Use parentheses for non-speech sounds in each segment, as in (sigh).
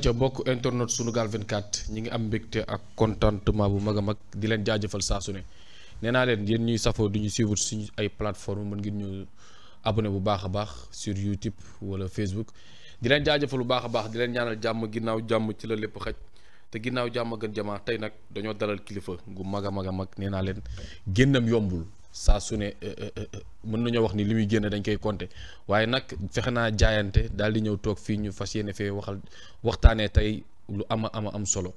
ca mbokk internet Sunugal 24 ñi ngi am mbégte ak contentement bu mag a mag di leen jaajëfal saa su ne nee naa leen yéen ñuy safoo duñu ñu suñu ay plateforme mën ngeen ñu abonné bu baax a baax sur YouTube wala Facebook di leen jaajëfal bu baax a baax di leen ñaanal jàmm ginnaaw jàmm ci la lépp xaj te ginnaaw jàmm gën jamaa tey nag dañoo dalal kilifa gu mag a mag a mag nee naa leen génnam yombul saa su ne eh, eh, eh, mën nañoo wax ni li muy génne dañ koy compter waaye nag fexe naa jaayante daal di ñëw toog fii ñu fas yéene fee waxal waxtaanee tey lu ama ama am solo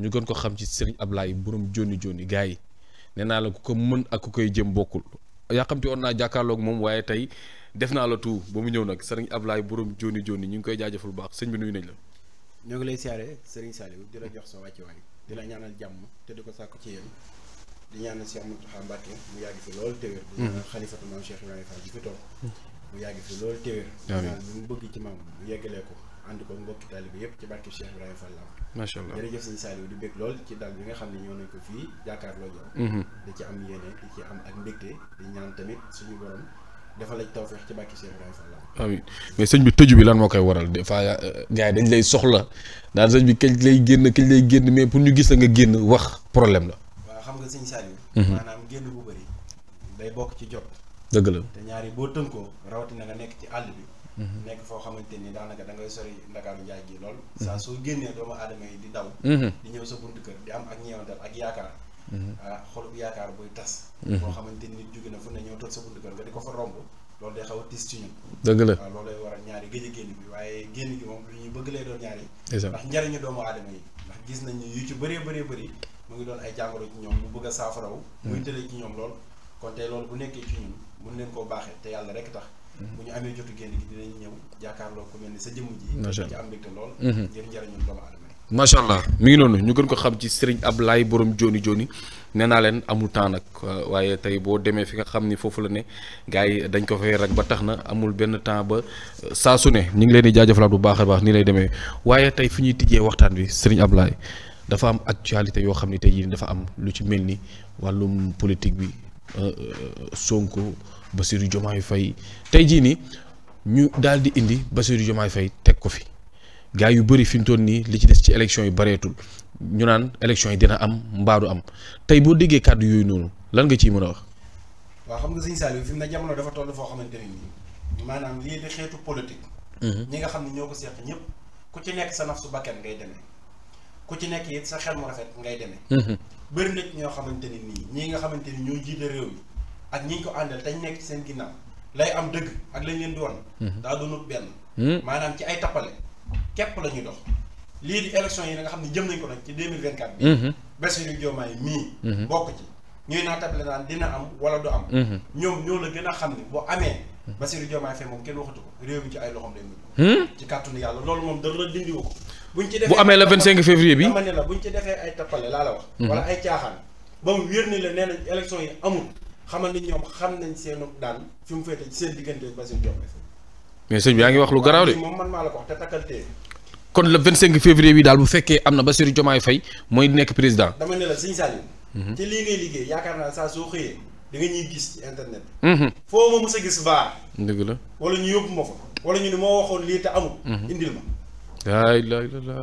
ñu gën ko xam ci Serigne Ablaye borom joni joni gars yi nee naa la ko mën ak ku koy jëm bokkul yaa xam te woon naa jàkkaarloog moom tey def naa la tout ba mu ñëw nag Serigne Ablaye borom joni joni ñu ngi koy jaajëfal bu baax sëñ bi nuyu nañ la. ñoo ngi lay siyaare Serigne Saliou di la jox sa wàccuwaay di dina ñaanal jàmm te di ko sàkku ci yéen di ñaanal Cheikh Mountakha Mbacké mu yàgg fi loolu téwér mm-hmm. di ñaanal xalifatu maam Cheikh Ibrahima Fall ji fi toog mm-hmm. mu yàgg fi loolu téwér ñaan lu mu ko ànd ko mbokki taalibe ci barke Cheikh Ibrahima Fall am macha allah jërëjëf sëñ Saliou di bég lool ci ne ñoo nañ ko fii jàkkaarloo jaw mm-hmm. di ci am yéene di ci am ak mbégte di ñaan bi tëju bi lan moo koy waral des fois gars yi dañ lay soxla daal sëñ bi kañ lay génn kañ lay génn mais pour ñu gis la nga génn wax problème la xam nga sëñ Saliou mhm. maanaam génn bu bëri day bokk ci jot dëgg la te ñaari boo tënkoo rawatina nga nekk ci àll bi mhm. nekk foo xamante ni daanaka da ngay sori ndakaaru njaay gi lool mhm. saa soo génnee doomu aadama yi di daw di ñëw sa buntu kër am ak ñeewantal ak yaakaar ah xolub yaakaar buy tas xamante ni nit jóge na fu ne ñëw toog sa buntu kër ko fa romb loolu day xaw a tis ci ñun dëgg la waaw ah, loolu lay a ñaari gëj génn bi waaye génn gi moom lu ñuy bëgg lay doon ñaari ndax njariñu doomu aadama yi ndax gis nañu yu ci bëree bëree bëri mu ngi doon ay jàngoro ci ñoom mu bëgg a saafarawu muy tële ci ñoom lool kon tey loolu bu nekkee ci ñun mun leen koo baaxee te yàlla rek tax bu ñu amee jotu génn gi dinañ ñëw jàkkaarloo ku mel ni sa jëmm ji ci am mbégte lool mhm. allah mi ngi noonu ñu gën ko xam ci Serigne Ablaye borom joni joni nee naa leen amul temps nag waaye tey boo demee fi nga xam ni foofu la ne gars yi dañ ko fay rek ba tax na amul benn temps ba saa su ne ñu ngi leen di jaajëfalaat bu baax a baax nii lay demee waaye tey fi ñuy tijjee waxtaan bi Serigne Ablaye dafa am actualité yoo xam ne tey jii dafa am lu ci mel ni wàllum politique bi euh, euh, Sonko Bassirou yu Faye tey jii nii ñu daal di indi Bassirou Diomaye fay teg ko fi gars yu bari fi mu toll nii li ci des ci élection yu bareetul ñu naan élection yi dina am mbaadu am tey boo déggee kàddu yooyu noonu lan nga ciy mën a wax. waaw xam nga sëñ Saliou fi mu ne jamono dafa toll foo xamante ne nii maanaam lii di xeetu politique. Mhm. ñi nga xam ne ñoo ko seq ñëpp ku ku ci nekk it sa xel mu rafet ngay demee. Mhm. bëri nit ñoo xamante ni nii ñii nga xamante ni ñoo jiite réew mi ak ñi ko àndal te ñu nekk ci seen ginnaaw lay am dëgg ak lañ leen di wan. Mhm. daa doonut benn. Mhm. maanaam ci ay tappale képp la ñuy dox. lii di yi nga xam ne jëm nañ ko nag ci deux mille vingt quatre bi. Bassirou Diomaye mii. bokk ci ñuy naa am wala du am. ñoom ñoo la gën a xam ne boo amee. Bassirou Diomaye fee moom kenn waxatu ko réew mi ci ay loxoom lay mujj. Hmm? ci yàlla loolu moom dara dindiwu ko. bu amee le 25 février bi dama ne la bu ñu ci defee ay tappale laa la wax. Mhm. wala ay caaxaan ba mu wér ni la nee nañ yi amul xamal ni ñoom xam nañ seenu daan fi mu féete seen diggante ba Diomaye mais sëñ yaa ngi wax lu garaaw moom man maa la ko wax te takkal kon bi daal bu fekkee am na Bassirou Diomaye Faye mooy nekk président. dama ne la sëñ Saliou. ci mhm. lii ngay liggéey yaakaar naa saa soo xëyee da ñuy gis ci internet. Mhm. foo ma mës a gis vaar. dëgg la wala ñu yóbbu ma fa. wala ñu ne moo waxoon lii te amul. indil ma. laay laay la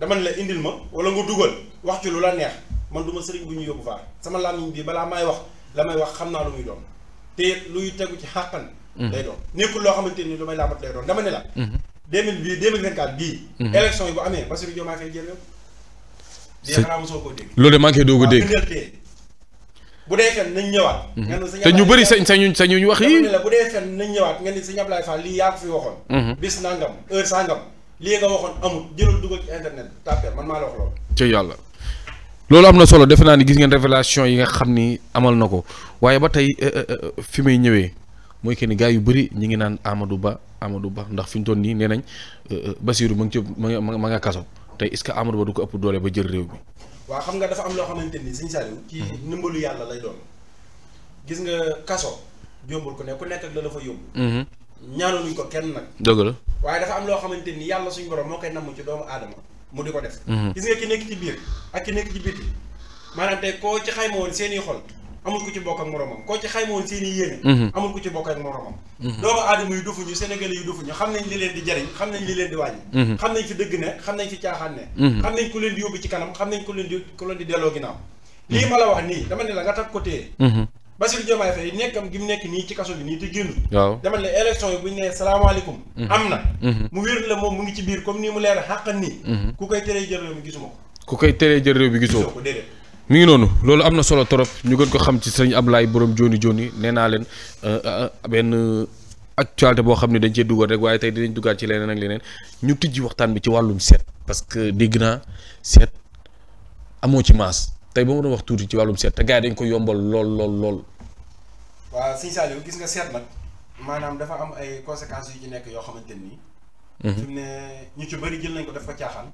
dama ne la indil ma wala nga dugal wax ci lu la neex man du ma sëriñ bu ñu yóbbu faar sama làmmiñ bi balaa may wax la may wax xam naa lu muy doon te luy tegu ci xàqan mhm. day doon nekkul loo xamante ni lu may laabat lay doon dama ne la mhm. deux mille bii deux mille vingt quatre bii mhm. élection yi bu amee Bassirou Diomaye Faye jël yow xanaa mosoo koo loolu de maa ngi koy doog dégg bu dee fen nañ ñëwaat nga ne sa ñu bëri sañ sañu sañu ñu wax yi bu dee nañ ñëwaat nga ni sëñ Ablaye Fall lii yaa ko fi waxoon bis nangam heure sangam lii nga waxoon amul jëlal dugal ci internet tàppee man maa la wax loolu. ca yàlla loolu am na solo defe naa ni gis ngeen révélation yi nga xam ni amal na ko waaye ba tey eh, eh, eh, fi may ñëwee mooy que ni gars yu bëri ñi ngi naan Amadou Ba Amadou Ba ndax fi ñu toon nii nee nañ Basirou ma ngi ci ma ma kaso tey est que Amadou Ba ko ëpp doole ba jël réew bi xam nga dafa am loo xamante ni sëñ Saliou ci mm-hmm. ndimbalu yàlla nga kaso jombul ne ku nekk ak la la fa ñaanuñu ko kenn nag. dëgg la waaye dafa am loo xamante ni yàlla suñu borom moo koy namm ci doomu aadama mu di ko def. Mhm. gis nga ki nekk ci biir ak ki nekk ci biti maanaam koo ci xayma woon seen i xol amul ku ci bokk ak moromam koo ci xayma woon seen i yéene. Mhm. amul ku ci bokk ak moromam. Mhm. doomu aadama yu dufuñu sénégalais yu dufuñu xam nañ li leen di jariñ xam nañ li leen di wàññi. xam nañ fi dëgg ne xam nañ fi caaxaan ne. xam nañ ku leen di yóbbu ci kan xam nañ ku leen di ku leen di delloo ginnaaw. lii ma la wax nii ko Bassirou Diomaye Faye nekkam gi mu nekk nii ci kaso bi nii te génn. waaw dama ne élection yi bu ñu nee salaamaaleykum. Mhm. am na. Mhm. mu wér la moom mu ngi ci biir comme nii mu leer xàqan nii. Mhm. ku koy teree jël réew mi gisuma ko. ku koy teree jël réew bi gisoo ko mi ngi noonu loolu am na solo trop ñu gën ko xam ci sëñ Ablaye borom joni joni nee naa leen euh, euh, benn actualité boo xam ne dañ cee dugal rek waaye tey dinañ dugaat ci leneen ak leneen ñu tijji waxtaan bi ci wàllum seet parce que dégg seet amoo ci maas tey ba ma doon wax tuuti ci wàllum seet te dañ ko yombal lool lool waaw sëñ Saliou gis nga seet nag maanaam dafa am ay conséquences yu ci nekk yoo xamante ni. Mhm. fi mu ne ñu ci bëri jël nañ ko def ko caaxaan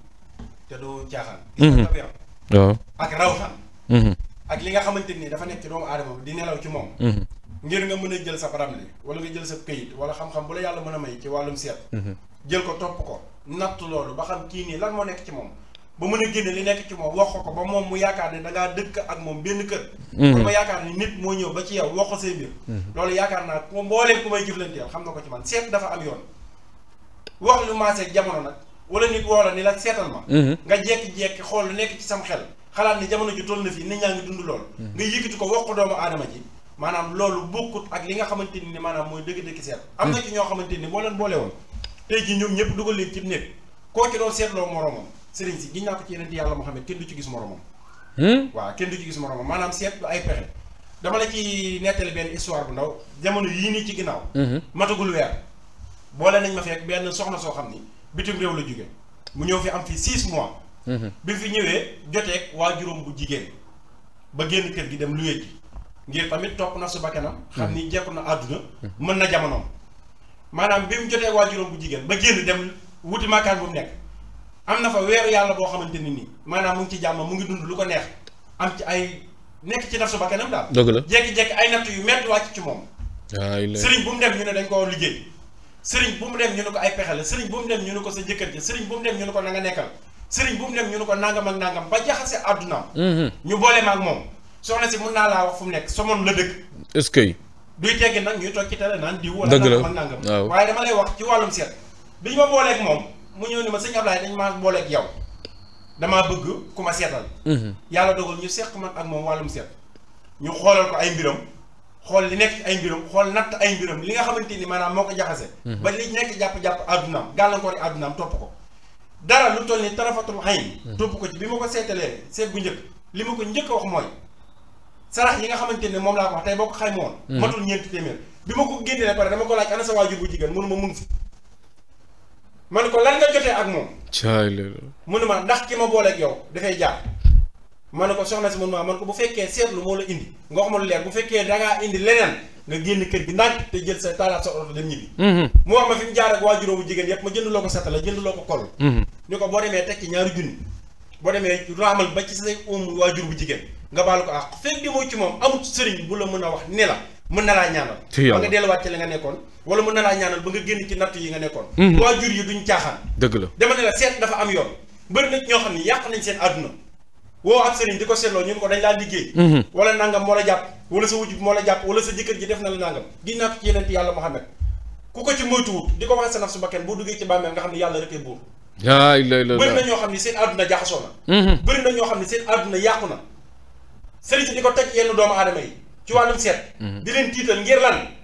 te du caaxaan. Mhm. gis nga tabiram. waaw ak rawxaan. Mhm. ak li nga xamante nii dafa nekk ci doomu aadama di nelaw ci moom. ngir nga mën a jël sa ramli wala nga jël sa këyit wala xam-xam bu la yàlla mën a may ci wàllum seet. jël ko topp ko natt loolu ba xam kii nii lan moo nekk ci moom. ba mën a génne li nekk ci moom wax ko ba moom mu yaakaar ne da ngaa dëkk ak moom benn kër. ba mhm. ma yaakaar ne nit moo ñëw ba ci yow wax ko say mbir. Mhm. loolu yaakaar naa ku mbooleem ku may jëflanteel xam na ko ci man seet dafa am yoon. wax lu maasee jamono nag wala nit woo la ni la seetal ma. Mhm. nga jékki-jékki xool lu nekk ci sam xel. xalaat ni jamono ji toll na fii ni ñaa ngi dund lool. nga yëkkati ko wax ko doomu aadama ji. maanaam loolu bokkut ak li nga xamante ni maanaam mooy dëgg-dëgg seet. am na ci ñoo xamante ni boo leen boole woon. tey jii ñoom ñëpp dugal leen ci néeg koo ci doon seetloo moroomam sëriñ si giñ naa ko ci yeneen yàlla Muhammad kenn du ci gis moromam. Hmm? waaw kenn du ci gis moromam maanaam seet lu ay pexe. dama la ci nettali benn histoire bu ndaw jamono yii nii ci ginnaaw. Hmm. matagul weer. boole nañ ma fekk benn soxna soo xam ni bitim réew la mu ñëw fi am fi six mois. Hmm. bi fi ñëwee joteeg waa juróom bu jigéen ba génn kër gi dem lu luwe ji ngir tamit topp na su bakkanam xam ni jekku na àdduna mën na jamonoom maanaam bi mu jotee waa juróom bu jigéen ba génn dem wuti maakaan bu nekk am na fa weeru yàlla boo xamante ne nii maanaam mu ngi ci jàmm mu ngi dund lu ko neex am ci ay nekk ci nafsu ba kanam daal. dëgg la jékki-jékki ay natt yu métti wàcc ci moom. waay sëriñ bu mu dem ñu ne liggéey sëriñ bu mu ñu ne ko ay pexe la sëriñ bu mu ñu ne ko sa jëkkër ji sëriñ bu mu dem ñu nga nekkal sëriñ bu mu dem ñu ne ko nangam ak nangam ba jaxase mm-hmm. boole ma ak moom soxna si mun naa laa wax fu mu nekk somoon la dëkk. est-ce que. duy teggi nag ñuy toog ci télé naan diw. dëgg la wala nangam waaye dama lay wax ci wàllum seet bi ñu ma booleeg moom mu ñëw ni ma sëñ Ablaye dañ maa booleeg yow damaa bëgg ku ma seetal. Mhm. yàlla dogal ñu seq man ak moom wàllum set ñu xoolal ko ay mbiram xool li nekk ay mbiram xool natt ay mbiram li nga xamante ni maanaam moo ko jaxase. Mhm. ba li jàpp-jàpp àddunaam gàllankoor yi topp ko. dara lu toll ni tarafatul ayn. Mhm. topp ko ci bi ma ko seetalee seet bu li ma ko njëkk wax mooy. sarax yi nga xamante ne moom laa ko wax tey boo ko xayma matul ñeenti téeméer bi ma ko génnee pare dama ko laaj ana sa waajur bu jigéen mënu ma mun si man ne ko lan nga jotee ak moom. mu ne ma ndax ki ma booleeg yow dafay jaar. ma ne ko soxna si mun ma man ko bu fekkee seetlu moo la indi nga wax ma lu leer bu fekkee dangaa indi leneen nga génn kër gi ndànk te jël sa taalaat sa oto dem ñibbi. Mm-hmm. mu wax ma fi mu jaar ak waa juróomu jigéen yëpp ma jënd loo ko la jënd loo ko kol. ñu mm-hmm. ko boo demee teg ci ñaari junni. boo demee raamal ba ci say oom waajur bu jigéen nga baal ko àq fekk demoo ci moom amut sëriñ bu la mën a wax ne la mën na laa ñaanal. ba nga delluwaat ci la nga nekkoon. wala mën na laa ñaanal ba nga génn ci natt yi nga nekkoon mhm. waajur yi duñ caaxaan dëgg la dama ne la seet dafa am yoon bëri ñoo xam ne yàq nañ seen àdduna woo ab ko seetloo ñun ko laa liggéey mhm. wala nangam moo la jàpp wala sa wujub moo la jàpp wala sa jëkkër ji def na la nangam ginnaaw ko ci yeneen yàlla Muhammad ku ko ci moytuwut ko wax sa boo duggee ci bàmmeel nga xam ne yàlla rekkee buur na ñoo xam ne seen àdduna jaxasoo na mhm. xam ne seen àdduna yàqu na sëriñ si di ko teg yenn doomu aadama yi ci wàllum seet di leen tiital ngir lan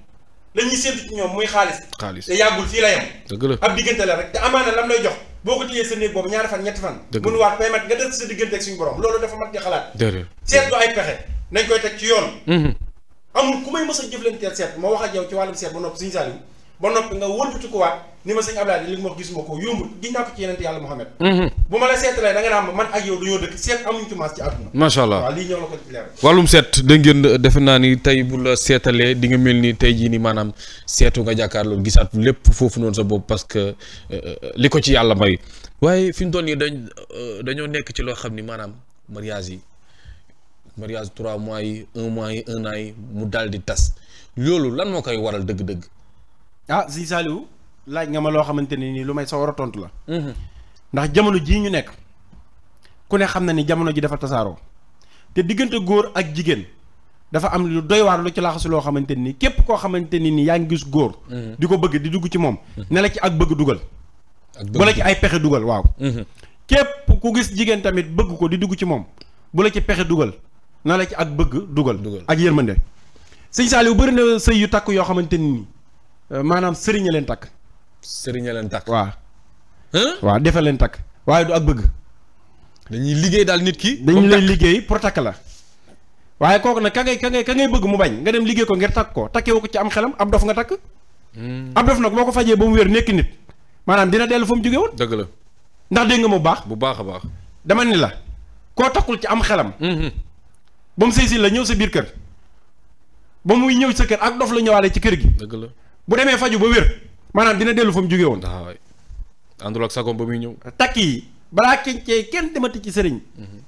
la ñuy séntu ci ñoom muy xaalis. xaalis te yàggul fii la yem. dëgg la ab diggante la rek te amaana lam lay jox boo ko téyee sa néeg boobu ñaari fan ñetti fan. dëgg la mun waat fay mat nga des sa diggante ak suñu borom. loolu dafa mat di xalaat. dëgg seetlu ay pexe nañ koy teg ci yoon. Mm-hmm. amul ku may mës a jëflanteel seet ma wax a jaw ci wàllum seet ba noppi suñu Saliou ba noppi nga wëlbati ko waat ni ma sëñ Abdoulaye li nga gis gisuma ko yombul giñ naa ko ci yeneen yàlla Muhammad mhm. bu ma la seetalee da nga naan man ak yow dañoo dëkk seet amuñ ci maas macha allah waaw lii ñëw la ko seet da ngeen defe naa ni tey bu la seetalee di nga mel ni tey jii ni maanaam seetu nga jàkkaarloo gisaat lépp foofu noonu sa bopp que euh, euh, li ko ci yàlla may waaye fi mu toll nii dañ euh, dañoo nekk ci loo xam ni maanaam mariage yi mariage trois mois yi mois yi un mu daal di tas loolu lan moo koy waral dëgg-dëgg ah si Saliou laaj nga ma loo xamante ne nii lu may sa war a tontu la. Mhm. ndax jamono jii ñu nekk ku ne xam na ni jamono ji dafa tasaaroo te diggante góor ak jigéen dafa am lu doywaar lu ci laxasu loo xamante ni képp koo xamante ni nii yaa ngi gis góor. Mhm. di ko bëgg di dugg ci moom. Mhm. ne la ci ak bëgg dugal. bu la ci ay pexe dugal waaw. képp ku gis jigéen tamit bëgg ko di dugg ci moom bu la ci pexe dugal na la ci ak bëgg dugal. dugal ak yërmande. sëñ Saliou bëri na takk yoo xamante ni Euh, maanaam sëriñ leen takk. sëriñ leen takk. waaw. waa defe leen takk. waaye du ak bëgg. dañuy liggéey daal nit ki. dañu lay liggéey pour takk la. waaye kooku nag ka ngay ka ngay bëgg mu bañ nga dem liggéey ko ngir takk ko takkee ko ci am xelam ab dof nga takk. Hmm. ab dof nag boo ko fajee ba mu wér nekk nit. maanaam dina dellu fa mu jóge woon. dëgg la ndax dégg nga mu baax. bu baax a baax. dama ni la koo takkul ci am xelam. Hmm. ba mu sëy si la ñëw sa biir kër. ba muy ñëw sa kër ak dof la ñëwaale ci kër gi. dëgg la. bu demee faju ba wér maanaam dina dellu fa mu jógee woon. waaw ah, àndul ak sagoom ba ñëw. takk yi balaa kencee kenn demati ci sëriñ. Mhm.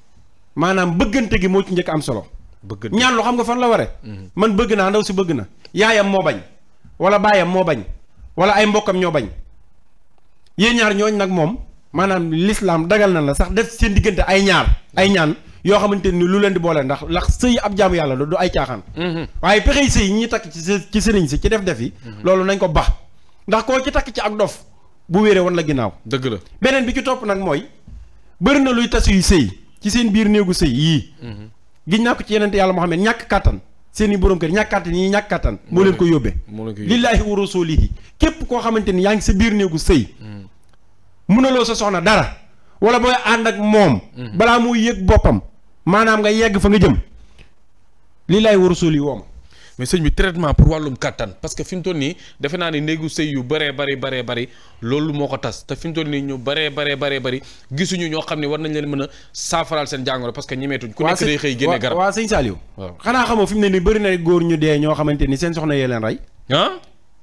maanaam bëggante gi moo ci njëkk am solo. bëggante ñaan lu xam nga fan la ware mhm. man bëgg naa ndaw si bëgg na. yaayam moo bañ. wala baayam moo bañ. wala ay mbokkam ñoo bañ. yéen ñaar ñooñ nag moom maanaam lislaam dagal na la sax def seen diggante ay ñaar ay ñaan. yoo xamante ni lu leen di boole ndax ndax sëy ab jaamu yàlla du ay caaxaan. Mhm. waaye pexey sëy ñu takk ci ci sëriñ si ci def def yi. Mhm. loolu nañ ko bax ndax koo ci takk ci ak dof bu wéree woon la ginnaaw. dëgg la beneen bi ci topp nag mooy bëri na luy tas yu sëy ci seen biir néegu sëy yii. Mhm. giñ naa ko ci yeneen yàlla Muhammad ñàkk kattan seen i borom kër ñàkk kàttan yi ñàkk kàttan moo leen ko yóbbee. lillaahi wa rasuulihi képp koo xamante ni yaa ngi sa biir néegu sëy mënaloo sa soxna dara wala booy ànd ak moom balaa muy yëg boppam maanaam nga yegg fa nga jëm lii laay warasuul yi woom mais sëñ bi traitement pour wàllum kàttan parce que fi mu toll nii defe naa ne néegu sëy yu bëree bëri bëree bëri loolu moo ko tas te fi mu toll nii ñu bëree bëree bëree bëri gisuñu ñoo xam ne war nañ leen mën a saafaraal seen jàngoro parce que ñemeetuñ ku nekk day xëy génne garab waaw sëñ Saliou xanaa xamoo fi mu ne ni bëri góor ñu dee ñoo xamante ni seen soxna yee leen rey ah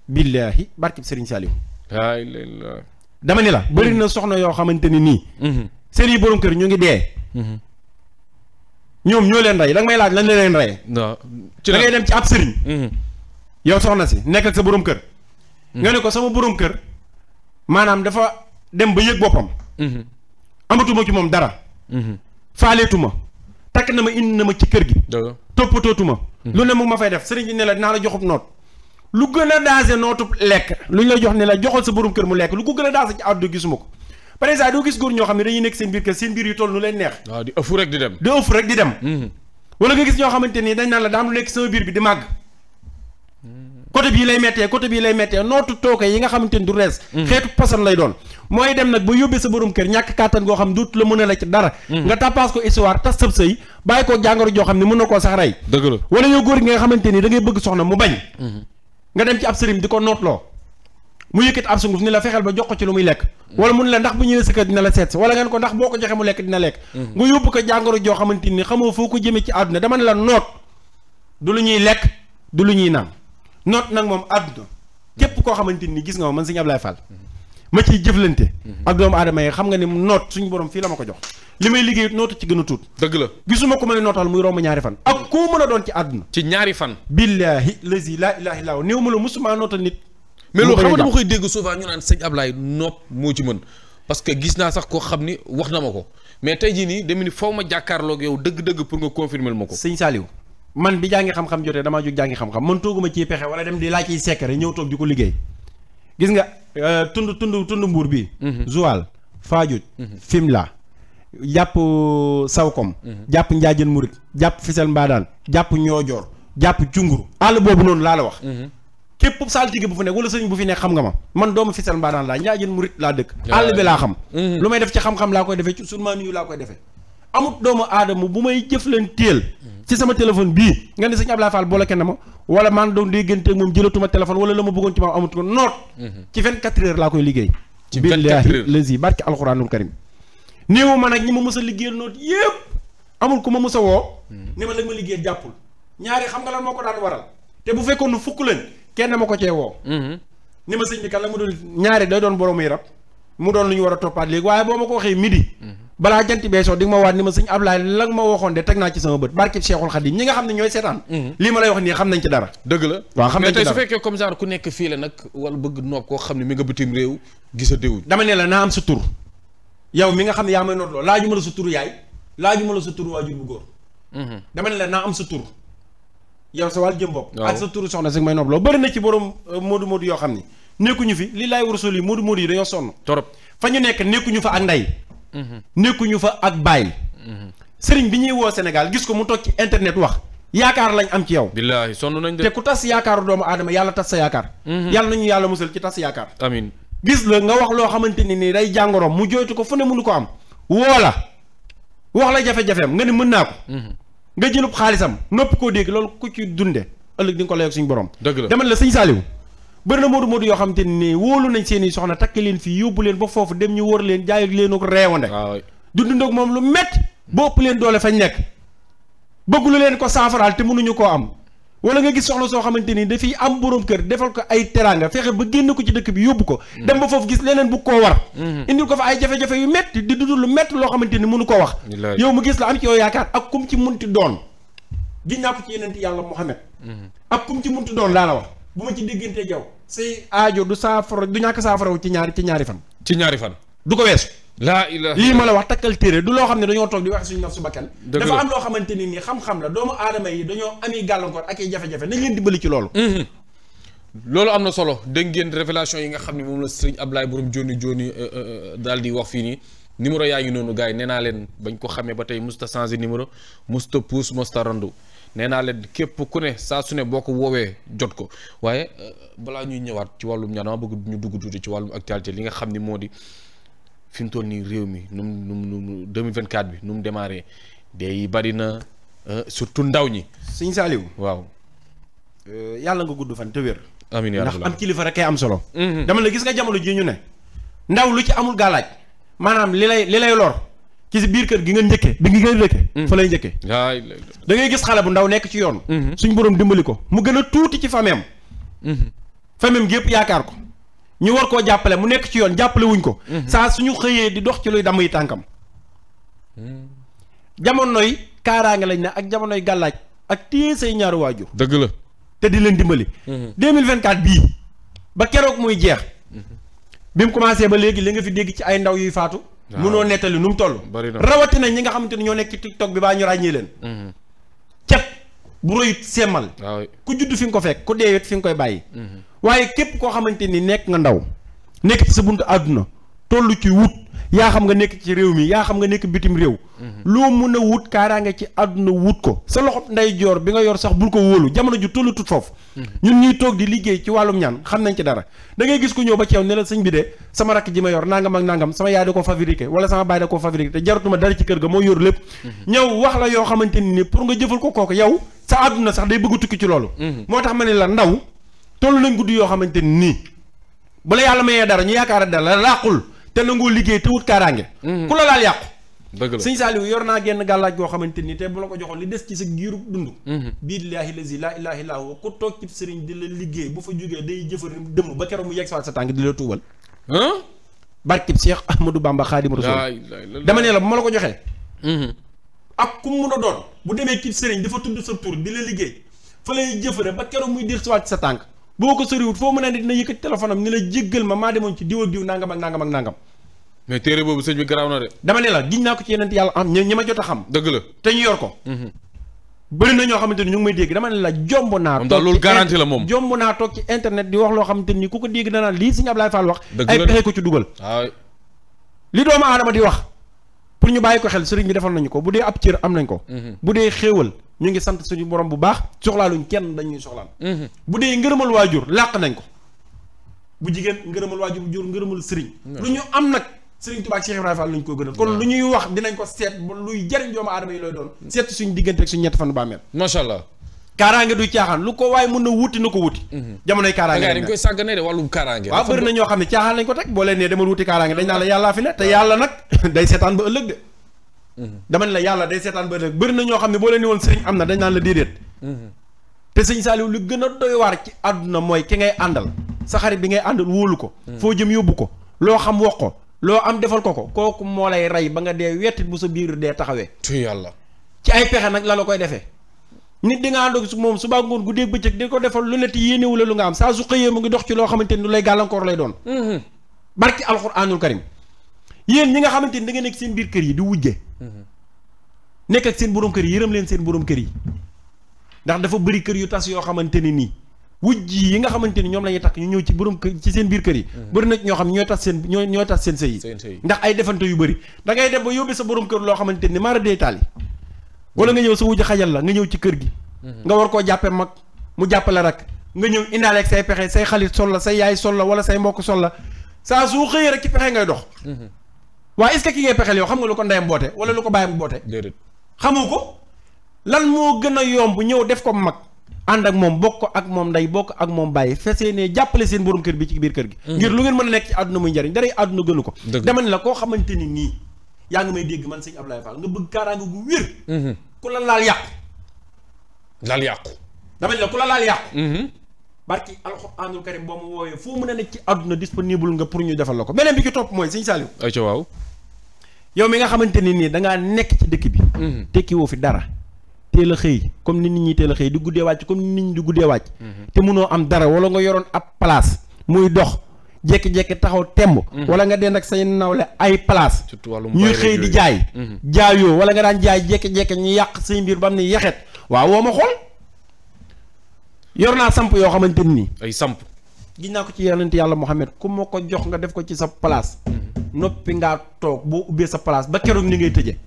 billaahi barki sëriñ Saliou waay dama ni la bëri na soxna yoo xamante ni nii mm-hmm. seen yi borom kër ñu ngi dee mm-hmm. ñoom ñoo leen rey danga may laaj lañ la leen rey. waaw ci da ngay dem ci ab sëriñ. Mm-hmm. yow soxna si nekk sa boroom kër. Mm-hmm. nga ne ko sama borom kër maanaam dafa dem ba yëg boppam. Mm-hmm. amatuma ci moom dara. faaleetuma takk na ma indi na ma ci kër gi. toppatootuma lu ne mu ma fay def sëriñ bi ne la dinaa la joxub noot. lu gën a daase nootub lekk. lu ñu la jox ne la joxal sa borom kër mu lekk lu ko gën a daase ci àddu gisuma ko. président doo gis góor ñoo xam ne dañu nekk seen biir kër seen biir yu toll nu leen neex. waaw di ëff rek di dem. di ëff rek di dem. Mm-hmm. wala nga gis ñoo xamante ni dañ naan la daam lu nekk sama biir bi di màgg. Mm-hmm. côté bii lay mettee côté bii lay méttee nootu tooke yi nga xamante ni du rees. Mm-hmm. xeetu poson lay doon. mooy dem nag ba yóbbee sa borom kër ñàkk kàttan goo xam dut la mën a la ci dara. nga tappaas ko histoire tas sëb sëy bàyyi ko jàngoro joo xam ne mën na koo sax rey. dëgg la wala yow nga xamante ni da ngay bëgg soxna mu bañ. nga dem ci ab sëriñ di ko nootloo mu yëkkati ab sunguf ni la fexeel ba jox ko ci lu muy lekk wala mun la ndax bu ñëwee sa kër dina la seet si wala ngeen ko ndax boo ko joxee mu lekk dina lekk mhm. nga yóbbu ko jàngoro joo xamante ni xamoo foo ko jëmee ci àdduna dama ne la noot du lu ñuy lekk du lu ñuy naan noot nag moom àdduna képp koo xamante ni gis nga ma man sëñ Ablaye Fall mhm. ma ciy jëflante mhm. ak doomu aadama yi xam nga ne noot suñu borom fii la ma ko jox li may liggéey nootu ci gën a tuut dëgg la gisuma ko may nootal muy romb ñaari fan ak koo mën a doon ci àdduna ci ñaari fan billaahi lazi laa ilaha illa ma la musuma nootal nit mais loolu xam nga dama koy dégg souvent ñu naan sëñ Ablaye nopp moo ci mën parce que gis naa sax koo xam ni wax na ma ko mais tey ji nii dama ni faw ma jàkkaarloog yow dëgg-dëgg pour nga confirmer ma ko sëñ Saliou man bi jàngi xam-xam jotee damaa jóg jàngi xam-xam man tooguma ci pexe wala dem di laaj ciy secret ñëw toog di ko nga euh, tund tund tund mbuur bi Joal mhm. Fadiouth mhm. Fimela jàpp euh, Sawkom mhm. jàpp Njaajën Murit jàpp Fisel Mbaadaan jàpp Ñoojoor jàpp Cunguru àll boobu noonu laa la wax képp saltige bu fi nekk wala sëñ bu fi nekk xam nga ma man doomu fisal mbaanaan laa njaajeen murit laa dëkk àll bi laa xam mhm. lu may def ci xam-xam laa koy defee ci sunmaa nuyu laa mhm. nga ne sëñ Ablaye Fall boole kenn ma wala man doon déggante ak moom jëlatuma téléphone wala la ma bëggoon ci ma ko noot mhm. ci 24 heures laa koy liggéey ma nag ñi ma mës a liggéeyal noot yépp amul ku ma mës a woo ne ma la ma liggéeyal jàppul ñaari xam nga lan moo ko daan waral te bu fekkoon nu fukk leen kenn ma ko cee woo. Mhm. ni ma sëñ bi kan la mu doon ñaari day doon borom yi rab mu doon lu ñu war a toppaat léegi waaye boo ma ko waxee midi. Mhm. balaa jant bee soo di nga ma waat ni ma sëñ Ablaye la nga ma waxoon de teg naa ci sama bët barkeb Cheikhul Khadim ñi nga xam ne ñooy seetaan. Mhm. lii ma lay wax nii xam nañ ci dara. dëgg la waaw xam nañ ci dara mais tey su fekkee comme genre ku nekk fii la nag wala bëgg noog koo xam ne mi nga bitim réew gisa déwuñ dama ne la naa xam ne yaa may noot loolu la sa tur yaay laaju ma la sa tur waajur bu góor dama ne la naa am sa tur yow sa wàll jëm bopp ak sa turu soxna si may nopp loo bëri na ci borom euh, moodu moodu yoo xam ne nekkuñu fi li laay warsul yi moodu moodu yi dañoo sonn torop fa ñu nekk nekkuñu fa ak ndey mm-hmm. nekkuñu fa ak baay mm-hmm. sëriñ bi ñuy woo Sénégal gis ko mu toog ci internet wax yaakaar lañ am ci yow billaahi sonn nañ de te ku tas yaakaaru doomu aadama yàlla tas sa yaakaar mm-hmm. yàlla nañu yàlla musal ci tas yaakaar amiin gis la nga wax loo xamante ni nii day jàngoroom mu jooytu ko fu ne mënu ko am woo wax la jafe-jafeem nga ni mën naa ko nga jëlub xaalisam nopp koo dégg loolu ku ci dunde ëllëg di nga ko layoog suñu borom demal la sëñ saaliwu bëri na moodu moodu yoo xam te ne wóolu nañ seen i soxna takk leen fii yóbbu leen ba foofu dem ñu wóor leen jaay leen ak reewande du dundoog moom lu métti ba ëpp leen doole fañ nekk bëggulu leen ko saafaraal te mënuñu koo am wala nga gis soxla soo xamante ni dafiy am borom kër defal ko ay teraanga fexe ba génne ko ci dëkk bi yóbbu ko. Mm-hmm. dem ba foofu gis leneen bu koo war. Mm-hmm. indil ko fa ay jafe-jafe yu métti di dund lu métti loo xamante ni mënu koo wax. yow mu gis la am ci oo yaakaar ak kum ci munti doon. giñ naa ko ci yeneen yàlla Muhammad. Mm-hmm. ak kum ci munti doon laa la wax. bu ma ci diggante yow. say aajo du saafara du ñàkk saafara ci ñaari ci ñaari fan. ci ñaari fan du ko laa ilaaha lii ma la wax takkal téere du loo xam ne dañoo toog di wax suñu naf su bakkan dafa am loo xamante ni nii xam-xam la doomu aadama yi dañoo ami gàllankoor ak i jafe-jafe nañ leen dimbali mhm. loolu am na solo dégg ngeen révélation yi nga xam ne moom la sëriñ Ablaye borom joni joni euh, euh, euh, daal di wax fii nii numéro yaa ngi noonu gars yi nee naa leen bañ ko xamee ba tey musta changé numéro musta puus musta randu nee naa leen képp ku ne saa su ne boo ko woowee jot ko waaye balaa ñuy ñëwaat ci wàllum ñaan dama bëgg ñu dugg tuuti ci wàllum actualité li nga xam ni moo di fi mu nii réew mi nu mu nu mu 2024 bi nu mu démarré day bari na euh, surtout ndaw ñi. sëñ Saliou. waaw. Euh, yàlla nga gudd fan te ndax am kilifa rek kay am solo. Mhm. dama la gis nga jamono ji ñu ne. ndaw lu ci amul gàllaaj maanaam li lay li lay lor. ci si biir kër gi nga njëkkee bi nga njëkkee. Mhm. fa lay njëkke da ngay gis xale bu ndaw nekk ci yoon. Mhm. suñ borom dimbali ko mu gën a tuuti ci famem famem gi yëpp yaakaar ko. ñu war koo jàppale mu nekk ci yoon jàppale ko. Mhm. saa suñu xëyee di dox ci luy damm yi tànkam. Hmm. jamonoy kaaraange lañ ne ak jamonoy gàllaaj ak téye say ñaari waajur. dëgg la te di leen dimbali. 2024 mhm. bii ba keroog muy jeex. Mhm. bi mu commencé ba léegi li nga fi dégg ci ay ndaw yuy faatu. waaw mënoo nettali nu mu toll. rawatina ñi nga xamante ni ñoo nekk ci TikTok bi baa ñu ràññee leen. ceeb bu rëyut semmal ah ku judd fi nga ko fekk ku deewit fi nga koy bàyyi mhm. waaye képp koo xamante ni nekk nga ndaw nekk ci sa buntu àdduna toll ci wut yaa xam nga nekk ci réew mi yaa xam nga nekk bitim réew loo mun a wut kaaraange ci àdduna wut ko sa loxo ndeyjoor bi nga yor sax bul ko wóolu jamono ju tollu tut foofu mm-hmm. ñun ñuy toog di liggéey ci wàllum ñaan xam nañ ci dara da ngay gis ko ñëw ba ci yow ne la bi de sama rakk ji ma yor nangam ak nangam sama yaay da ko fabriqué wala sama baay da ko fabriqué te jaratuma dara ci kër ga moo yor lépp mm-hmm. ñëw wax la yoo xamante ni nii pour nga jëfal ko kooku yow sa àdduna sax day bëgg tukki ci loolu mm-hmm. moo tax ma la ndaw toll nañ guddi yoo xamante nii bu la yàlla mayee dara ñu yaakaar dara laqul te nangoo liggéey te wut kaaraange ku yàqu dëgg la sëñ Saaliw yor naa genn gàllaaj goo xamante ni te bu la ko joxoon li des ci sa giirug dund mhm. biillaahi lazi laa ilaaha illaa huwa ku toog ci sëriñ di la liggéey bu fa jógee day jëfar dëmm ba keroog mu yegg sa tànk di la tuubal barkib Cheikh Ahmadou Bamba Xaadimu Rasuul dama ne la bu ma la ko joxee mhm. ak ku mën a doon bu demee ci sëriñ dafa tudd sa tur di la liggéey fa lay jëfare ba keroog muy dir siwaat ci sa tànk boo ko soriwut foo mën a ne dina yëkkati téléphone am ni la jéggal ma maa demoon ci diwa ak diw nangam ak nangam ak nangam mais téere boobu sëñ bi garaaw na de. dama ne la giñ naa ko ci yeneen yàlla am ñi ma jot a xam. dëgg la te ñu yor ko. Mhm. bëri na ñoo xamante ni ñu ngi may dégg dama ne la jomb naa. moom la moom jomb naa toog ci internet di wax loo xam ni ku ko dégg danaa lii sëñ Ablaye Fall wax. ay ko ci dugal. li doomu aadama di wax pour ñu bàyyi ko xel sëriñ bi defal nañu ko bu dee ab cër am nañ ko. Mhm. bu dee xéewal ñu ngi sant suñu borom bu baax soxlaaluñ kenn dañuy soxlaal. Mhm. bu dee ngërëmal waajur làq nañ ko. bu jigéen ngërëmal waajur bu jur ngërëmal sëriñ. lu ñu am Serigne Touba ak Cheikh Ibrahima Fall lañ ko gënal kon lu ñuy wax dinañ ko seet ba luy jariñ doomu aadama yi looy doon mm. seet suñu diggante rek suñu ñett fan bàmmeel macha allah kaaraange du caaxaan lu ko waaye mën na wuti na ko wuti mm-hmm. jamonoy kaaraange dañ koy sàggane de wàllum kaaraange waaw bëri na ñoo ne caaxaan lañ ko teg boo leen nee demal wuti kaaraange dañ la yàllaa fi ne te yàlla nag (laughs) day seetaan ba ëllëg de mm-hmm. dama ne la yàlla day seetaan ba ëllëg bëri na ñoo xam ne boo leen ni woon sëriñ am na dañ la déedéet mm-hmm. te sëñ Saliou lu gën a doy waar ci àdduna mooy ki ngay àndal sa xarit bi ngay àndal wóolu ko mm. foo jëm yóbbu ko loo xam wax ko loo am defal ko ko kooku moo lay rey ba nga dee wettit bu sa biir dee taxawee. tuy yàlla. ci ay pexe nag la la koy defee. nit di nga ànd ak moom suba ngoon guddeeg bëccëg di ko defal lu ne te yéenewu la lu nga am saa su xëyee mu ngi dox ci loo xamante ni lu lay gàllankoor lay doon. Mm-hmm. barki alxuraanul karim yéen ñi nga xamante ni da nga nekk seen biir kër yi di wujje mm-hmm. nekk ak seen borom kër yi yërëm leen seen borom kër yi ndax dafa bëri kër yu tas yoo xamante ne nii wujj yi nga xamante ni ñoom la ñuy takk ñu ñëw ci borom kër ci seen biir kër yi mm-hmm. bëri na ñoo xam ne ñooy tas seen ñooy ñooy tas seen sëy yi ndax ay defante yu bëri dangay ngay dem ba yóbbee sa borom kër loo xamante ni maara deetaal yi wala nga ñëw sa wujj xajal la nga ñëw ci kër gi mm-hmm. nga war koo jàppe mag mu jàppale rak nga ñëw indaale ak say pexe say xalit sol la sa yaay sol la wala say mbokk sol la saa su xëyee rek ci pexe ngay dox mm-hmm. waa est-ce que ki ngay pexeel xam nga lu ko ndeyam boote wala lu ko bàyyam boote xamoo ko lan moo gën a yomb ñëw def ko mag ànd ak moom bokk ak moom ndey bokk ak moom bàyyi fesee ne jàppale seen borom kër bi ci biir kër gi mhm. ngir lu ngeen mën a nekk ci àdduna muy njariñ dara àdduna gënu ko dama ne la koo xamante ni nii yaa ngi may dégg man sëñ Ablaye Fall nga bëgg kaaraange gu wér mhm. ku la laal yàqu laal yàqu dama la ku la laal yàqu mhm. barki alxuraanul karim boo mu woowee foo mën a nekk ci àdduna disponible nga pour ñu defal la ko beneen bi ci topp mooy sëñ Saliou ay waaw yow mi nga xamante ni nii danga nekk ci dëkk bi tekki woo fi dara teel xëy comme ni nit ñi teel a xëy di guddee wàcc comme ni nit ñi di guddee wàcc. Mhm. te mënoo am dara wala nga yoroon ab place muy dox jékki-jékki taxaw temb. Mhm. wala nga den ak say nawle ay place ñuy xëy di jaay. Mhm. jaayoo wala nga daan jaay jékki-jékki ñu yàq say mbir ba am ni yaxet waaw woo ma xool yor naa samp yoo xamante ni. ay samp. gis naa ko ci yonent yàlla Muhammad ku ma ko jox nga def ko ci sa place. noppi ngaa toog boo ubbee sa place ba keroog ni ngay tëjee.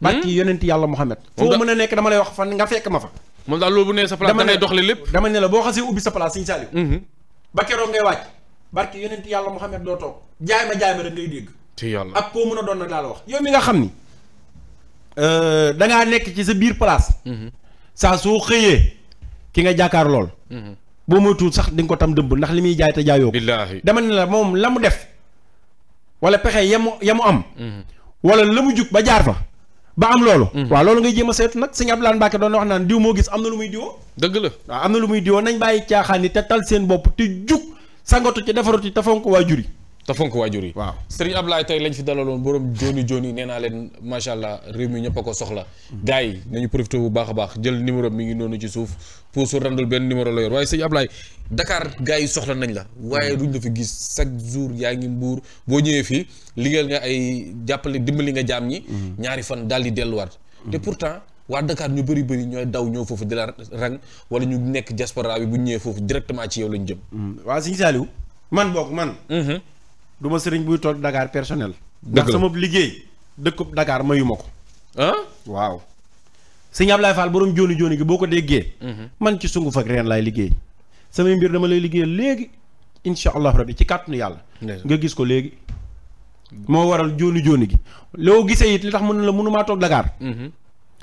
barki hmm? yonent yàlla Muhammad foo mën a nekk dama lay wax fan nga fekk ma fa moom daal loolu bu nee sa place dangay doxle lépp dama ne la boo xasee ubbi sa place Sëñ Saaliw hmm. ba keroog ngay wàcc barki yonent yàlla Muhammad doo toog jaay ma jaay ma rek ngay dégg ci ak koo mën a doon nag laa la wax yow mi nga xam ni euh, dangaa nekk ci sa biir palaas hmm. saa soo xëyee ki nga jàkkaar lool boo moytuwul sax di nga ko tam dëbb ndax li muy jaay te jaayoo ko dama ne la moom la def wala pexe yamu yamu am wala la mu jug ba jaar fa ba am loolu mhm. waaw loolu ngay jéem a seetu nag sëñ Abdoulaye Mbacke doon wax naan diw moo gis am na lu muy diwoo dëgg la waaw am na lu muy diwoo nañ bàyyi caaxaan yi te tal seen bopp te jug sangatu ci defaratu yi te fonk waajur yi te fonk waajur yi. waaw Serigne Ablaye tey lañ fi dalaloon borom joni joni nee naa leen macha allah réew mi ñëpp a ko soxla. gars yi nañu profité bu baax a baax jël numéro mi ngi noonu ci suuf pour su randul benn numéro la yor waaye Serigne Ablaye Dakar gars yi soxla nañ la. waaye duñ la fi gis chaque jours yaa ngi mbuur boo ñëwee fii liggéeyal nga ay jàppale li nga jaam ñi. Mhm. ñaari fan daal di delluwaat. te pourtant. waa Dakar ñu bëri bëri ñooy daw ñëw foofu di la wala ñu nekk diaspora bi bu ñëwee foofu directement ci yow lañ jëm. Mhm. waa Serigne Saliou man mhm. du ma sëriñ buy toog Dakar personnel. ndax sama liggéey dëkkub Dakar mayu ma ko. ah waaw. sëñ Ablaye Fall borom jooni jooni gi boo ko déggee. Mhm. man ci sunguf ak reen laay liggéey. samay mbir dama lay liggéeyal léegi incha allah rabbi ci kàttanu yàlla. nga gis ko léegi. moo waral jooni jooni gi. loo gisee it li tax mën la mënumaa toog Dakar. Mhm.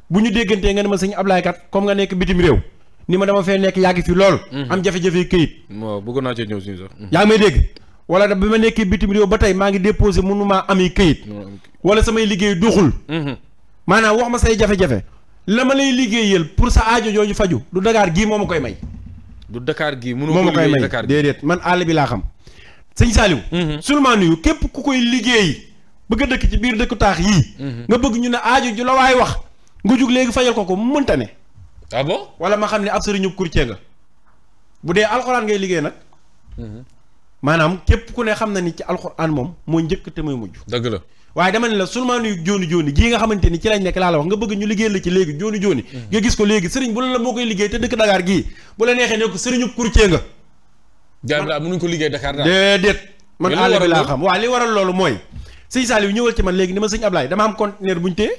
bu ñu déggantee nga ne ma sëñ Ablaye kat comme nga nekk bitim réew. ni ma dama fee nekk yàgg fi lool. Mhm. am jafe-jafe këyit. waaw wala da bi ma nekkee bitim réew ba tey maa ngi déposé mënumaa ami kayit wala samay liggéey doxul mhm. maanaam wax ma say jafe-jafe la ma lay liggéeyal pour sa aajo jooju faju du Dakar gii moom ma koy may du Dakar gii mënu ma koy may déedéet man àll bi laa xam sëñ Saliou mhm. seulement nuyu képp ku koy liggéey bëgg a dëkk ci biir dëkku taax yii mhm. nga bëgg ñu ne aajo ju la waay wax nga jug léegi fayal ko ko mënta ne ah wala ma xam ne ab sëriñu courtier nga bu dee alxuraan ngay liggéey nag maanaam képp ku ne xam na ni ci alxuraan moom moo njëkk te mooy mujj. dëgg la waaye demal ne la sulmaanu yu jooni jooni jii nga xamante ni ci lañ nekk laa la wax nga bëgg ñu liggéey la ci léegi jooni jooni. Mm. nga gis ko léegi sëriñ bu la la moo koy liggéey te dëkk Dakar gii bu la neexee ne ko sëriñub courtier nga. jaam laa mënuñ ko liggéey Dakar daal déedéet. man àll bi laa xam waa li waral loolu mooy. sëñ Saliou ñëwal ci man léegi ni ma sëñ Ablaye dama am conteneur buñ téye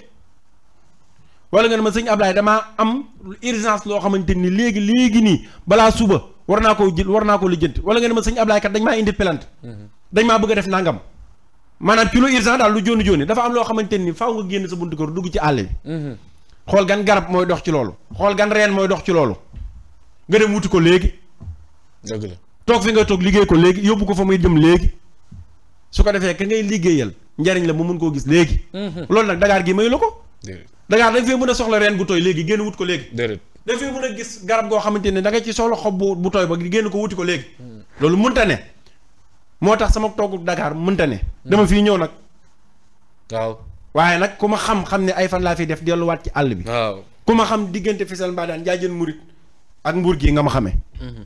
wala nga ne ma sëñ Ablaye damaa am urgence loo xamante ni léegi léegi nii balaa suba war naa koo jël war naa ko lijjanti wala nga ne ma sëñ Ablaye kat dañ maa indi pelante mhm. dañ maa bëgg a def nangam maanaam ci lu urgent daal lu jóoni jóoni dafa am loo xamante ni faw nga génn sa buntu kër dugg ci àll bi mhm. xool gan garab mooy dox ci loolu xool gan reen mooy dox ci loolu nga dem wuti ko léegi dëgg la toog fi nga toog liggéey ko léegi yóbbu ko fa muy jëm léegi su ko defee ka ngay liggéeyal njariñ la mu mën koo gis léegi mhm. loolu nag dagaar gi mayu la ko dagaar dañ fee mën a soxla reen bu tooy léegi génn wut ko léegi dafay mën a gis garab goo xamante ne da nga ci soxla xob bu bu tooy ba génn ko wuti ko léegi. loolu mënta ne. moo tax sama toogu Dakar mënta ne. dama hmm. fii ñëw nag. waaw waaye nag ku ma xam xam ne ay fan laa fiy def delluwaat ci àll bi. ku ma xam diggante Fissel Mbadane Ndiadiène Mouride ak Mbour gi nga ma xamee. Hmm.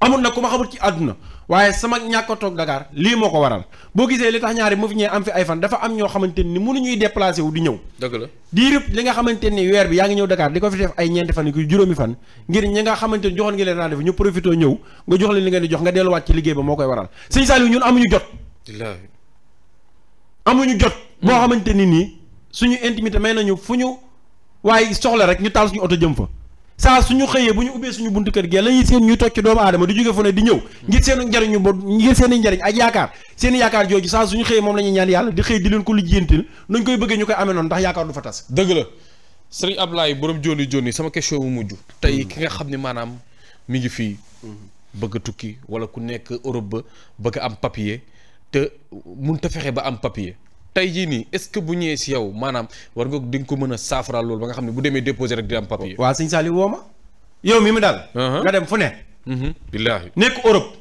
amul na ku ma xamul ci àdduna waaye sama ñàkk a Dakar lii moo ko waral boo gisee li tax ñaari mu fi ñee am fi ay fan dafa am ñoo xamante ni mënuñuy déplacé wu di ñëw. dëgg la diirëb li nga xamante ni weer bi yaa ngi ñëw Dakar di ko fi def ay ñeenti fan yu juróomi fan ngir ñi nga xamante ni joxoon ngi leen rendez-vous ñu profité ñëw nga jox leen li ngeen di jox nga delluwaat ci liggéey ba moo koy waral sëñ Saliou ñun amuñu jot. amuñu jot. Mm. boo xamante ni nii suñu intimité may nañu fu ñu waaye soxla rek ñu taal suñu oto jëm fa saa ñu xëyee bu ñu ubbee suñu buntu kër gi la ñuy seen ñu tocc doomu aadama di jóge fu ne di ñëw ngir seen njariñu bo ngir seen i njariñ ak yaakaar seen yaakaar jooju saa suñu xëyee moom la ñuy ñaan yàlla di xëy di leen ko lijjantil nañ koy bëggee ñu koy amee noonu ndax yaakaar du fa tas dëgg la sëriñ Ablaye borom joni joni sama question mu mujj tey ki nga xam ne maanaam mi ngi fii bëgg tukki wala ku nekk Europe ba bëgg am papier te mun ta fexe ba am papier tey jii nii est-ce que bu ñëwee si yow maanaam war nga di nga ko mën a saafara loolu ba nga xam ne bu demee déposé rek di am papier. waaw sëñ Saliou woo ma yow mi mu daal. Uh-huh. nga dem fu ne. Mm-hmm. billaahi nekk Europe.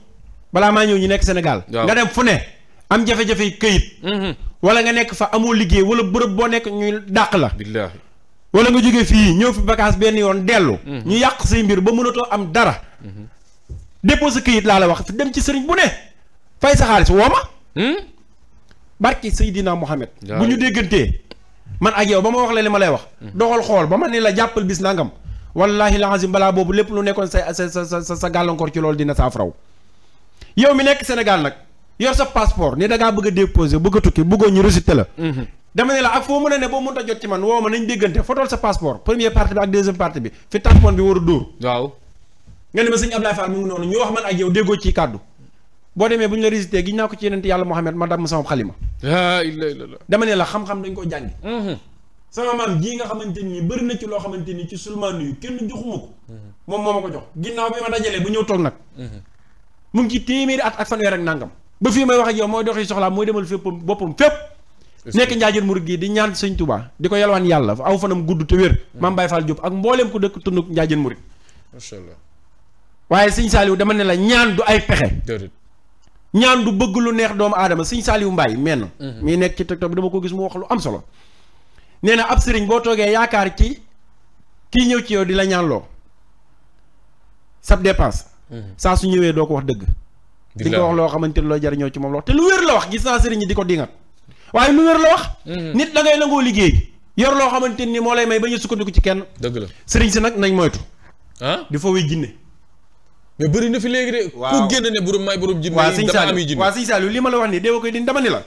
balaa maa ñëw ñu nekk Sénégal. nga dem fu ne am jafe-jafe këyit. Mm-hmm. wala nga nekk fa amoo liggéey wala bërëb boo nekk ñu dàq la. billaahi wala nga jóge fii ñëw fi vacances benn yoon dellu. Mm-hmm. ñu yàq say mbir ba mënatoo am dara. déposé këyit laa la wax dem ci sëriñ bu ne fay sa xaalis woo barki Seydina Mohamed. bu ñu déggantee man ak yow ba ma wax la li ma lay wax. doxal xool ba ma ne la jàppal bis nangam. wallahi laazim balaa boobu lépp lu nekkoon sa sa sa sa gàllankoor ci loolu dina saafaraw yow mi nekk Sénégal nag yor sa passeport ni da ngaa bëgg a déposer bëgg a tukki bëggoo ñu résulté la. Mhm. dama ne la ak foo mën a ne boo mënut a jot ci man woo ma nañ déggante fotol sa passeport première partie bi ak deuxième partie bi fi tampon a dóor. waaw nga ne ma sëñ Abdoulaye noonu ñu ak yow déggoo ci kàddu. boo demee bu ñu la résulté giñ naa ko ci yenente yàlla Muhammad ma damm sama xalima laa ilaaha illallaah dama ne la xam-xam dañ ko jàngi mm-hmm. sama maam jii nga xamante nii bari na ci loo xamante ni ci sulmaanu yu kenn joxuma ko mm-hmm. moom moo ma ko jox ginnaaw bi ma dajalee bu ñëw toog nag mm-hmm. mu ngi ci téeméeri at ak fanweer ak nangam ba fii may wax ak moo mooy doxi soxlaa mooy demal fépp boppam fépp nekk njaajër murid gi di ñaan sëñ Tuubaa di ko yalwaan yàlla aw fanam gudd te wér maam Baye Fall Diop ak dëkk tunduk njaajër murid maa sha Allah waaye sëñ Saaliw dama ne la ñaan du ay pexe ñaan du bëgg lu neex doomu aadama sëñ Saaliwu Mbaay menn mhm. mii nekk ci TikTok bi dama ko gis mu wax lu am solo nee na ab sëriñ boo toogee yaakaar ci kiy ñëw ci yow di la ñaanloo sab dépense mhm. saa su ñëwee doo ko wax dëgg di nga wax loo xamante ni loo jariñoo ci moom la wax te lu wér la wax gis naa sëriñ ñi di ko dingat waaye lu wér la wax mhm. nit da ngay nangoo liggéey yor loo xamante ni moo lay may ba ñu sukkandiku ci kenn dëgg la sëriñ si nag nañ moytu ah di foowe jinne mais bëri na fi léegi de. waaw ku génn ne borom may borom jinne. yi dama ami jinne waaw sëñ Saliou li ma la wax nii déggoo koy din dama ni la.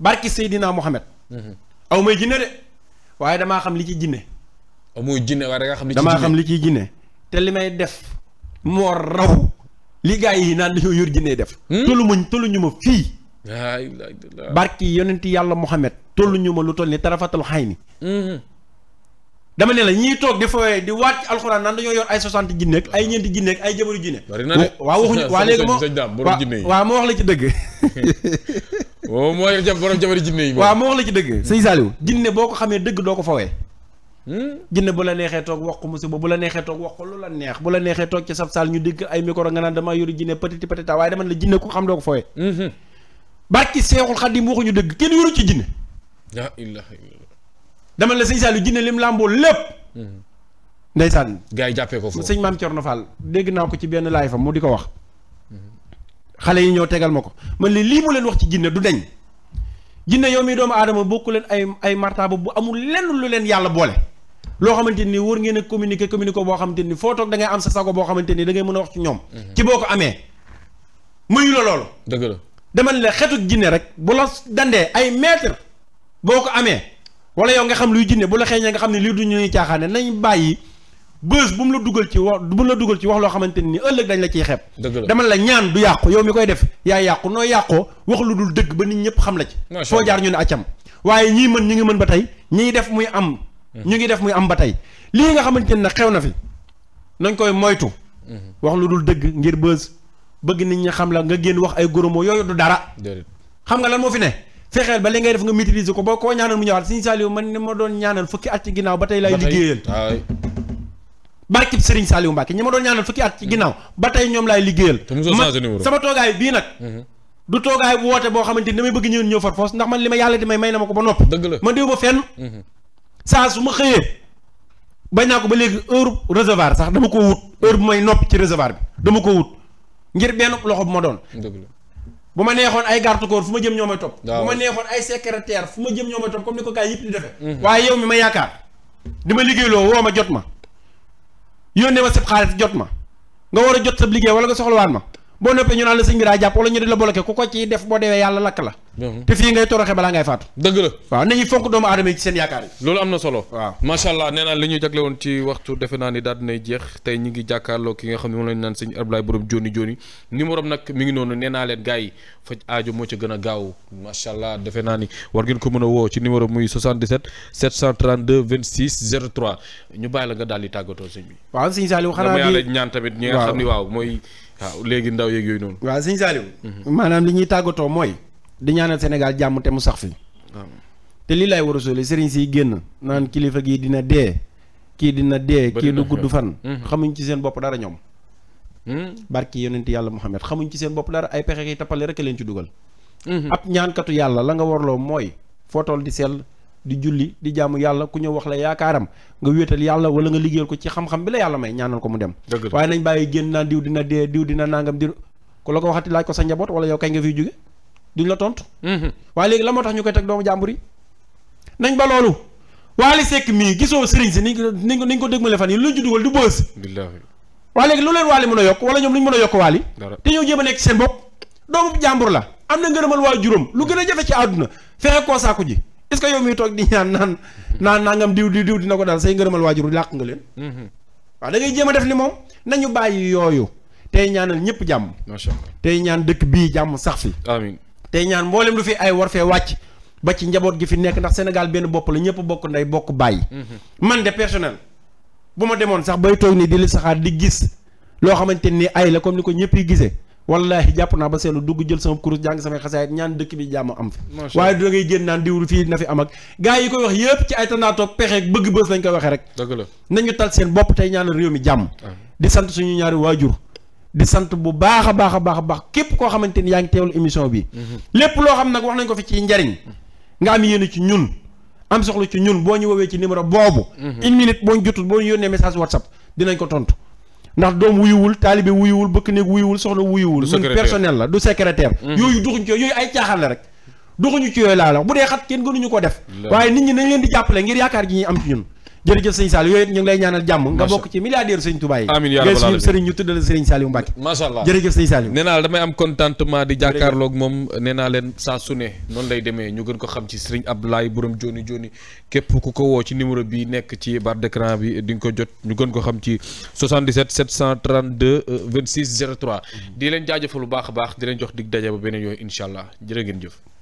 barki Seydina Mohamed. Mhm. aw may jinne de. waaye damaa xam li ci jinne. aw mooy jinne waaye da xam li ci jinne damaa xam li ciy jinne. te li may def. moo raw. li yi naan dañoo yor jinne def. Hmm? tollu muñ tollu ñu ma fii. barki yonenti yàlla Mohamed. tollu ñu ma lu toll ni tarafatal xay ni hmm. dama ne la ñiy toog di fooyee di waat ci alxuraan naan dañoo yor ay soixante jinneeg ay ñeenti jinneeg ay jabaru jinne waaw waxuñu waaw léegi moo (laughs) waaw wax la ci dëgg (laughs) moo borom jabaru jinne yi waaw moo wax la ci dëgg sëñ Saliou jinne boo ko xamee dëgg doo ko fawee hmm? jinne bu la neexee toog wax ko musiba bu la neexee toog wax ko lu la neex bu la neexee toog ci sab saal ñu dégg ay micro nga naan damaa yoru jinne petit petit waaye dama ne la jinne ko xam doo ko fawee hmm, hmm. barki seexul xadim waxuñu dëgg kenn yoru ci jinne dama la sëñ Saliou jinne lim làmboo lépp. ndeysaan. gars yi jàppee ko sëñ maam Thierno Fall dégg naa ko ci benn laay fa mu di ko wax. xale yi ñëw tegal ma ko man li lii mu leen wax ci jinne du deñ jinne yow mi doomu aadama bokku leen ay ay martaba bu amul lenn lu leen yàlla boole loo xamante ni war ngeen a communiquer communiquer boo xamante ni foo toog da ngay am sa sago boo xamante ni da ngay mën a wax ci ñoom mhm. ci boo ko amee muyu la loolu dëgg la dama ne la jinne rek bu dandee ay mètre boo ko amee wala yow nga xam luy jinne bu la xeeñee nga xam ne lii du ñuy caaxaane nañ bàyyi bës bu mu la dugal ci wax bu mu la dugal ci wax loo xamante ni ëllëg dañ la ciy xeeb demal la ñaan du yàqu yow mi koy def yaa yàqu nooy yàqoo wax lu dul dëgg ba nit ñëpp xam la ci foo jaar ñu ne accam waaye ñii mën ñu ngi mën ba tey ñiy def muy am hmm. ñu ngi def muy am ba tey lii nga xamante ni ne xew na fi nañ koy moytu hmm. wax lu dul dëgg ngir bës bëgg nit ñi xam la nga génn wax ay goromo yooyu du dara xam nga lan moo fi ne fexeel ba li ngay def nga maîtriser ko boo koo ñaanal mu ñëwaat Serigne Saliou man ni ma doon ñaanal fukki at ci ginnaaw ba tey laay liggéeyal barkib Serigne Saliou Mbacke ñi ma doon ñaanal fukki at ci ginnaaw ba tey ñoom laay liggéeyal sama toogaay bii nag mhm. du toogaay bu woote boo xamante ni damay bëgg ñëw ñëw far foos ndax man li ma yàlla di may may na ma ko ba noppi dëgg la man diw ma fenn mhm. saa su ma xëyee bañ naa ko ba léegi heure réservoir sax dama ko wut bu may nopp ci réservoir bi dama ko wut ngir benn loxo bu ma doon bu ma neexoon ay garde corps fu ma jëm ñoo may topp. bu ma neexoon ay secrétaire fu ma jëm ñoo may topp comme ni ko gars yëpp di defee. Mhm. waaye yow mi ma yaakaar di ma liggéeyloo woo ma jot ma yónnee ma sab xaalis jot ma nga war a jot sa liggéey wala nga soxlawaan ma boo noppee ñu naan la sëñ bi a jàpp wala ñu di la bloqué ku ko ciy def boo deewee yàlla lakk la mhm. te fii ngay toroxe balaa ngay faatu dëgg la waaw nañu fonk doomu aadama yi seen yaakaar yi loolu am na solo a gaaw macha allah naa ni war ngeen ko mën a woo ci numéro muy 77 732 26 03 ñu bàyyi la nga daal di waaw mooy waaw léegi ndaw yeeg yooyu noonu. waaw sëñ Saliou. maanaam li ñuy tàggatoo mooy. di ñaanal Sénégal jàmm te mu sax fi. te lii lay war a sóole sëriñ siy génn naan kilifa gii dina dee. kii dina dee kii du gudd fan. Hmm. xamuñ ci seen bopp dara ñoom. Hmm. barki yonent yàlla Muhammad xamuñ ci seen bopp dara ay pexe yi tappale rekk leen ci dugal. Hmm. ab ñaankatu yàlla la nga warloo mooy. foo di sell di julli di jàmm yàlla ku ñëw wax la yaakaaram nga wéetal yàlla wala nga liggéeyal ko ci xam-xam bi la yàlla may ñaanal ko mu dem waaye nañ bàyyi génn naan diw dina dee diw dina nangam di ku la ko waxati laaj ko sa njaboot wala yow kay nga fiy jóge duñ la tontu mm-hmm. waaye léegi la moo tax ñu koy teg doomu jàmbur yi ba loolu Wally Seck mii gisoo sëriñ si ko niñ ko niñ ko dégmale fan yi luñ ci lu leen Wally mën a yokk wala ñoom lu ñu a yokk Wally te ñëw jéem a nekk seen bopp doomu jàmbur la am na ngërëmal waajuram lu gën a jafe ci àdduna fexe koo saaku ji est-ce que yow miy toog di ñaan naan naan nangam diw diw diw dina ko daal say ngërëmal waajur làq nga leen. Mhm. waaw da ngay a def ni moom nañu bàyyi yooyu tey ñaanal ñëpp jàmm. macha allah tey ñaan dëkk bii jàmm sax fi. tey ñaan mboolem lu fi ay war fee wàcc. ba ci njaboot gi fi nekk ndax Sénégal benn bopp la ñëpp bokk ndey bokk bàyyi. Mhm. man de personnel bu ma demoon sax bay toog nii di li saxaar di gis loo xamante ni ay la comme ni ko ñëpp yi gisee. wallahi jàpp naa ba seetlu dugg jël sama kurus jàng samay xasaayit ñaan dëkk bi jàmm am fi waaye da ngay génn naan diwlu fii na fi am ak gars yi koy wax yëpp ci ay tanaatoo pexe bëgg bës lañ koy waxee rek nañu tal seen bopp tey ñaanal réew mi jàmm ah. di sant suñu ñaari waajur di sant bu baax a baax a baax a baax képp koo xamante ni yaa ngi teewlu émission bi mhm. lépp loo xam nag wax nañ ko fi ci njariñ nga am yéen ci ñun am soxla ci ñun boo ñu woowee ci numéro boobu mhm. une minute boo ñu jotul boo ñu yónnee message whatsapp dinañ ko tontu ndax doom wuyuwul taalibe wuyuwul bëkk néeg wuyuwul soxna wuyuwul ñun personnel la du secrétaire mm-hmm. yooyu duxuñ ci yooyu ay caaxaan la rek duxuñu ci yooyu laa la bu dee xat kenn gënuñu ko def waaye nit ñi nañ leen di jàppale ngir yaakaar gi ñuy am ci ñun jërëjëf sëñ Saliou yooyu ñu ngi lay ñaanal jàmm nga bokk ci milliardaire sëñ Touba yi amiin yaa rabbal alamin ñu tuddal sëriñ Saliou Mbacke macha allah jërëjëf sëñ Saliou nee naa damay am contentement di jàkkaarloog moom nee naa leen saa su ne noonu lay demee ñu gën ko xam ci sëriñ Abdoulaye borom joni joni képp ku ko woo ci numéro bi nekk ci barre d'écran bi di nga ko jot ñu gën ko xam ci 77 732 26 03 di leen jaajëfal bu baax a baax di leen jox dig daje ba beneen yooyu incha allah jërë ngeen jëf